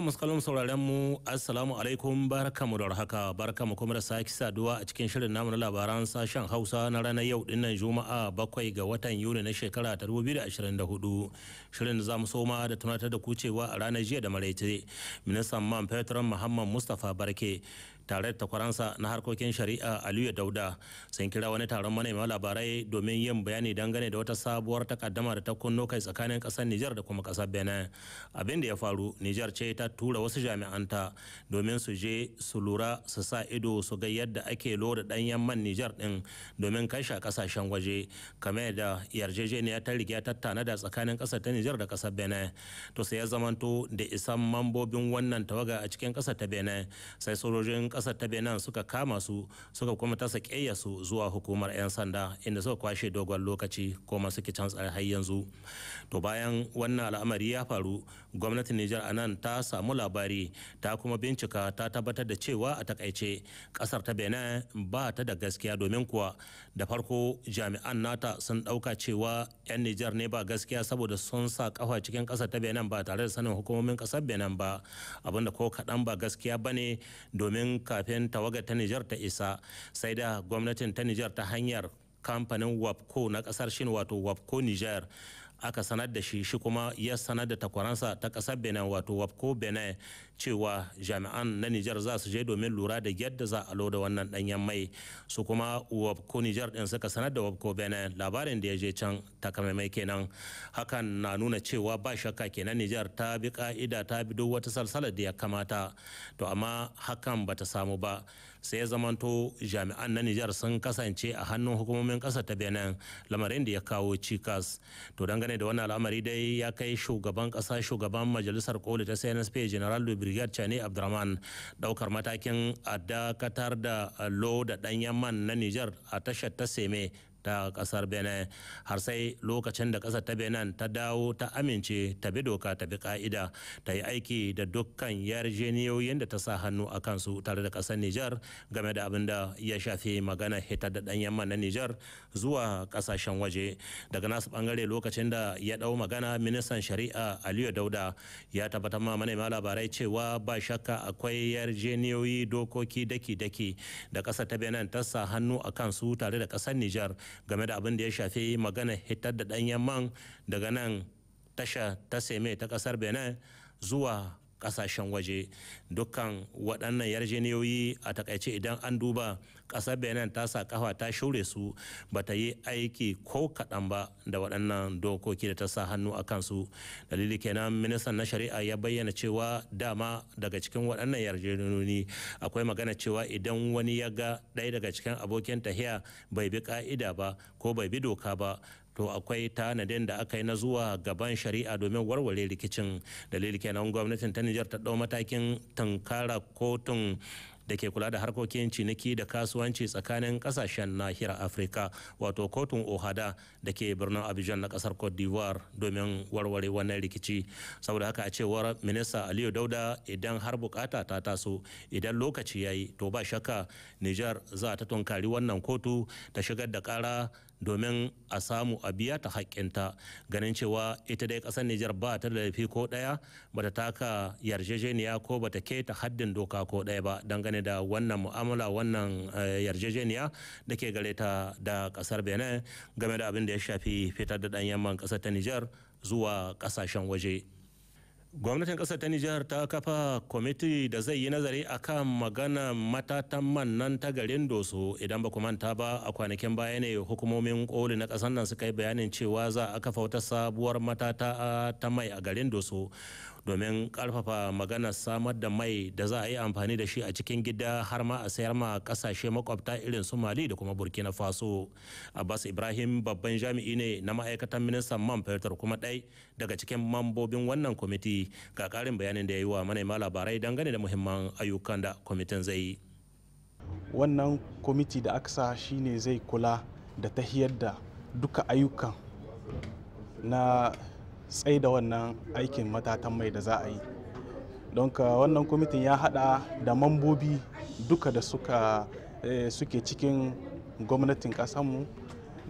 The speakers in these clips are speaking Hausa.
jama'a masu sauraren mu assalamu alaikum barkamu da haka barkamu kuma da Saki saduwa a cikin shirin namu na labaran sashen hausa na ranar yau dinnan juma'a bakwai ga watan yuni na shekara ta 2024 shirin za mu soma da tunatar da kucewa a ranar jiya da maraice ministan man petron muhammad mustafa barke tare da takwaransa na harkokin shari'a aliyu dauda sun kira wani taron manema labarai domin yin bayani dangane da wata sabuwar takaddama da ta kunno kai tsakanin kasar nijar da kuma kasar benin abin da ya faru nijar ce ta tura wasu jami'anta domin su je su lura su sa ido su ga yadda ake da danyen man nijar din domin kai shi a kasashen waje kamar da yarjejeniya ta riga ta tanada tsakanin kasar ta nijar da kasar benin to sai ya zamanto da isan mambobin wannan tawaga a cikin kasar ta benin sai sojojin kasar ta benin suka kama su suka kuma ta sakeyya su zuwa hukumar 'yan sanda inda suka kwashe dogon lokaci kuma suke can tsare har yanzu to bayan wannan al'amari ya faru gwamnatin nijar a nan ta samu labari ta kuma bincika ta tabbatar da cewa a takaice kasar ta benin ba ta da gaskiya domin kuwa da farko jami'an nata sun dauka cewa 'yan nijar ne ba gaskiya saboda sun sa kafa cikin kasar ta benin ba tare da sanin hukumomin kasar benin ba abinda ko kaɗan ba gaskiya ba ne domin kafin tawagar ta Nijar ta isa sai da gwamnatin ta Nijar ta hanyar kamfanin wapco na kasar shin wato wapco nijar. aka sanar da shi shi kuma ya sanar da takwaransa ta kasar benin wato wapko benin cewa jami'an na nijar za su je domin lura da yadda za a loda wannan danyen mai su kuma wapko nijar ɗin suka sanar da wapko benin labarin da ya je can takamaimai kenan hakan na nuna cewa ba shakka kenan nijar ta bi ka'ida ta bi duk wata salsalar da ya kamata to amma hakan ba ta samu ba sai ya zamanto jami'an na nijar sun kasance a hannun hukumomin kasa ta benin lamarin da ya kawo cikas to dangane dangane da wannan al'amari dai ya kai shugaban kasa shugaban majalisar koli ta CNSP General brigade Chani Abdurrahman daukar matakin a dakatar da lo da danyen man na Niger a tashar ta Seme ta kasar benin har sai lokacin da kasar ta benin ta dawo ta amince ta bi doka ta bi ka'ida ta yi aiki da dukkan yarjeniyoyin da ta sa hannu a kansu tare da kasar nijar game da abin da ya shafi magana hitar da danyen man na niger zuwa kasashen waje daga nasu bangare lokacin da ya dau magana ministan shari'a aliyu dauda ya tabbatar ma manema labarai cewa ba shakka akwai yarjeniyoyi dokoki daki-daki da kasar ta benin ta sa hannu a kansu tare da kasar nijar. game da abin da ya shafi magana hitar da ɗanyen man daga nan tasha ta seme ta ƙasar benin zuwa kasashen waje dukkan waɗannan yarjeniyoyi a takaice idan an duba ƙasar benin ta sa kafa ta shure su ba ta yi aiki ko kaɗan ba da waɗannan dokoki da ta sa hannu a kansu dalili kenan ministan na shari'a ya bayyana cewa dama daga cikin waɗannan yarjeniyoyi akwai magana cewa idan wani ya ga ɗaya daga cikin abokin tahiya bai bi ka'ida ba ko bai bi doka ba to akwai tanadin da aka yi na zuwa gaban shari'a domin warware rikicin dalili kenan gwamnatin ta Nijar ta dau matakin tunkara kotun da ke kula da harkokin ciniki da kasuwanci tsakanin kasashen nahiyar afirka wato kotun ohada da ke birnin abidjan na kasar cote d'ivoire domin warware wannan rikici saboda haka a cewar minista aliyu dauda idan har bukata ta taso idan lokaci ya yi to ba shaka nijar za ta tunkari wannan kotu ta shigar da kara domin a samu a biya ta haƙƙinta ganin cewa ita dai ƙasar Nijar ba ta da laifi ko ɗaya ba ta taka yarjejeniya ko ba ta keta haddin doka ko ɗaya ba dangane da wannan mu'amala wannan eh, yarjejeniya da ke gare ta da ƙasar Benin game da abin da ya shafi fitar da ɗanyen yamman ƙasar ta Nijar zuwa ƙasashen waje. gwamnatin kasar ta nijar ta kafa kwamiti da zai yi nazari akan magana matatan man nan ta garin doso idan ba ku manta ba a kwanakin baya ne hukumomin koli na ƙasar nan suka yi bayanin cewa za a kafa wata sabuwar matata ah, ta mai a garin doso domin karfafa magana samar da mai da za a yi amfani da shi a cikin gida har ma a sayar ma kasashe makwabta irin su mali da kuma burkina faso abbas ibrahim babban jami'i ne na ma'aikatan ministan man fetur kuma ɗai daga cikin mambobin wannan kwamiti ga karin bayanin da ya yi wa manema labarai dangane da muhimman ayyukan da kwamitin zai yi wannan kwamiti da aka sa shine zai kula da tahiyar da duka ayyukan na tsai da wannan aikin matatan mai da za a yi don ka wannan kwamitin ya hada da mambobi duka da suka eh, suke cikin gwamnatin kasanmu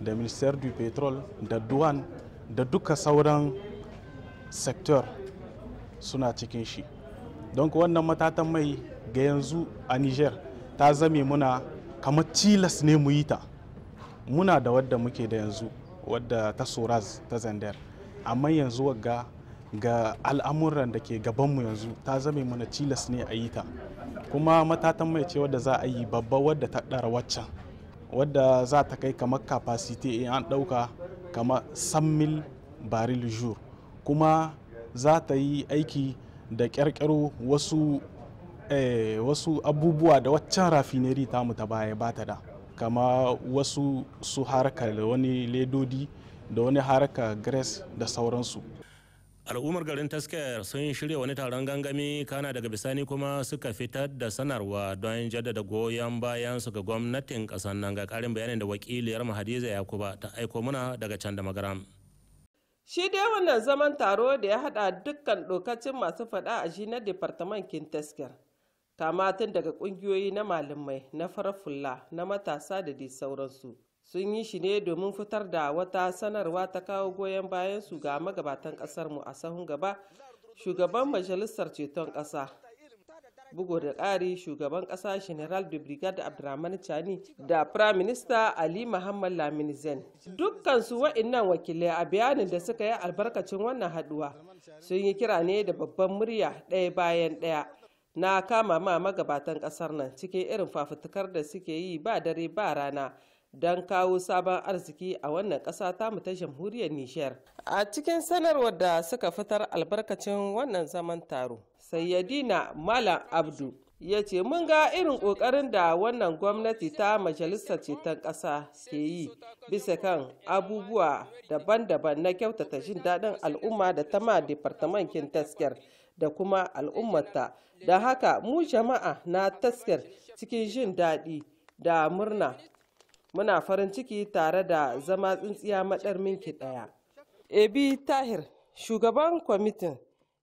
da minister du petrol da duwan da duka sauran sektor suna cikin shi don wannan matatan mai ga yanzu a niger ta zame muna kamar tilas ne mu yi ta muna da wadda muke da yanzu wadda ta soraz ta zandar amma yanzu wagga ga al'amuran da ke gabanmu yanzu ta zame mana cilas ne a yi ta kuma matatan mai ce wadda za a yi babba wadda ta ɗara waccan wadda za ta kai kamar capacity in an ɗauka kamar sammil baril jour kuma za ta yi aiki da ƙyarƙyaro wasu eh, wasu abubuwa da waccan rafineri ta mu ta baya ba ta da kama wasu su harkar wani ledodi da wani haraka grace da sauransu al'ummar garin tasker sun shirya wani taron gangami kana daga bisani kuma suka fitar da sanarwa don jaddada goyon bayan su ga gwamnatin kasan nan ga karin bayanin da wakiliyar hadiza yakuba ta aiko muna daga can da magaram shi dai wannan zaman taro da ya hada dukkan dokacin masu fada a shi na departamentin tasker tun daga kungiyoyi na malamai na farfulla na matasa da dai sauransu sun yi shi ne domin fitar da wata sanarwa ta kawo goyon bayan su ga magabatan mu a sahun gaba shugaban majalisar ceton kasa bugu da ƙari shugaban ƙasa general de brigade abdurrahman chani da prime minister ali muhammad lamini zen dukkansu wa'innan wakilai a bayanin da suka yi albarkacin wannan haduwa sun yi kira ne da babban murya ɗaya bayan ɗaya na kama ma magabatan ƙasar nan cikin irin fafutukar da suke yi ba dare ba rana don kawo sabon arziki a wannan ƙasa tamu ta jamhuriyar nishiyar A cikin sanarwar da suka fitar albarkacin wannan zaman taro, Sayyadina Malam Abdu ya ce mun ga irin ƙoƙarin da wannan gwamnati ta majalisar ceton ƙasa ke yi bisa kan abubuwa daban-daban na kyautata jin daɗin al'umma da tama departamentin taskiyar da kuma al'ummata da haka mu jama'a na taskiyar cikin jin daɗi da murna muna farin ciki tare da zama tsintsiya maɗar minki ɗaya. Ebi Tahir, shugaban kwamitin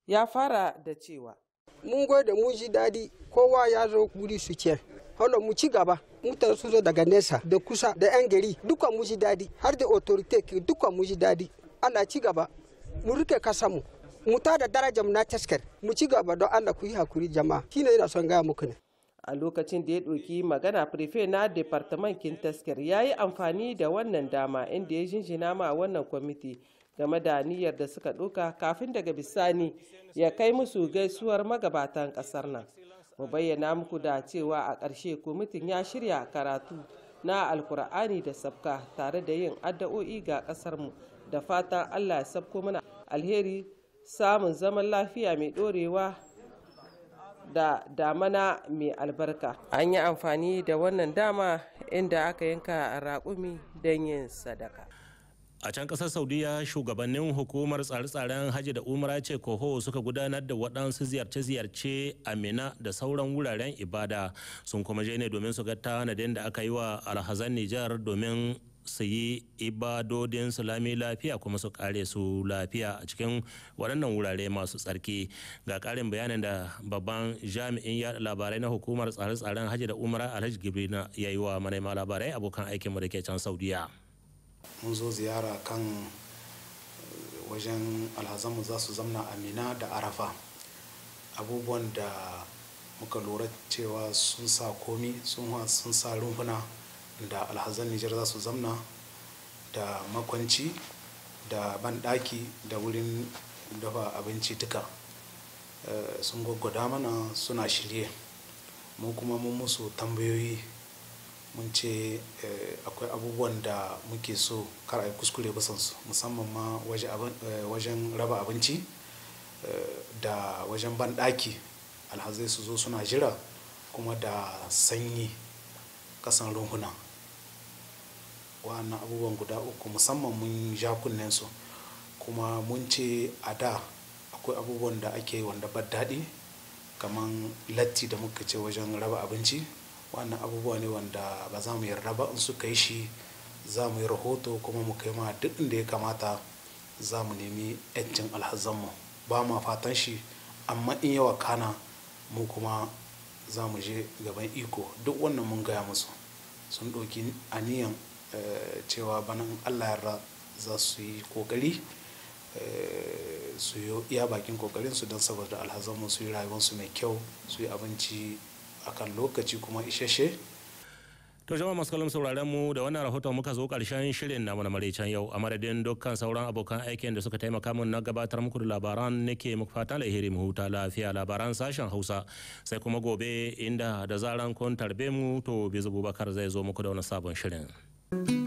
ya fara da cewa. Mun gode mu ji daɗi kowa ya zo wuri su ce. Hala mu ci gaba, mutan su zo daga nesa da kusa da 'yan gari dukkan mu ji daɗi har da otorite dukkan mu ji daɗi. Allah ci gaba, mu rike kasa mu ta da darajar na taskar, mu ci gaba don Allah ku yi hakuri jama'a. Shine yana son gaya muku ne. a lokacin da ya ɗauki magana prefe na departament kintaskar ya yi amfani da wannan dama inda ya jinjina ma wannan kwamiti game da niyyar da suka ɗauka kafin daga bisani ya kai musu gaisuwar magabatan ƙasar nan mu bayyana muku da cewa a ƙarshe kwamitin ya shirya karatu na alkur'ani da sabka tare da yin addu'o'i ga ƙasarmu da fatan allah ya sabko mana alheri samun zaman lafiya mai ɗorewa da damana mai albarka an yi amfani da wannan dama inda aka yanka raƙumi don yin sadaka a can ƙasar saudiya shugabannin hukumar tsare-tsaren hajji da umar ce koho suka gudanar da waɗansu ziyarce-ziyarce a mina da sauran wuraren ibada sun kuma je ne domin su ga tanadin da aka yi wa alhazan nijar domin su yi ibadodin salami lafiya kuma su kare su lafiya a cikin waɗannan wurare masu tsarki ga ƙarin bayanin da babban jami'in yaɗa labarai na hukumar tsare-tsaren hajji da umara alhaji gibri na yayi wa manema labarai abokan aikinmu da ke can saudiya mun zo ziyara kan eh, wajen alhazanmu za su zamna amina da arafa abubuwan da muka lura cewa sun sa komi sun sa rumfuna da alhazan nijar za su zamna da makwanci da banɗaki da wurin dafa abinci duka eh, sun gwaggwada mana suna shirye mu kuma mun musu tambayoyi mun ce eh, akwai abubuwan da muke so kar a yi kuskure basansu musamman ma eh, wajen raba abinci da wajen banɗaki alhazai su zo suna jira kuma da sanyi kasan ruhuna. wa'annan abubuwan guda uku musamman mun ja kunnen su kuma mun ce a da akwai abubuwan da ake wanda ba daɗi kamar latti da muka ce wajen raba abinci wannan abubuwa ne wanda ba za mu yarda ba in suka yi shi za mu yi rahoto kuma mu kai ma duk inda ya kamata za mu nemi 'yancin alhazanmu ba ma fatan shi amma in yawa kana mu kuma za mu je gaban iko duk wannan mun gaya musu sun ɗauki aniyan Eh, cewa banan allah yara za su yi kokari eh, su yi iya bakin kokarin su don saboda alhazanmu su yi rayuwarsu mai kyau su yi abinci kan lokaci kuma isasshe To jama'a masu kallon sauraren mu da wannan rahoton muka zo karshen shirin namu na maraicen yau a madadin dukkan sauran abokan aikin da suka taimaka mun na gabatar muku da labaran nake muku fatan lahiri mu huta lafiya labaran sashen Hausa sai kuma gobe inda da zaran kun tarbe mu to Bizu Bubakar zai zo muku da wani sabon shirin. thank you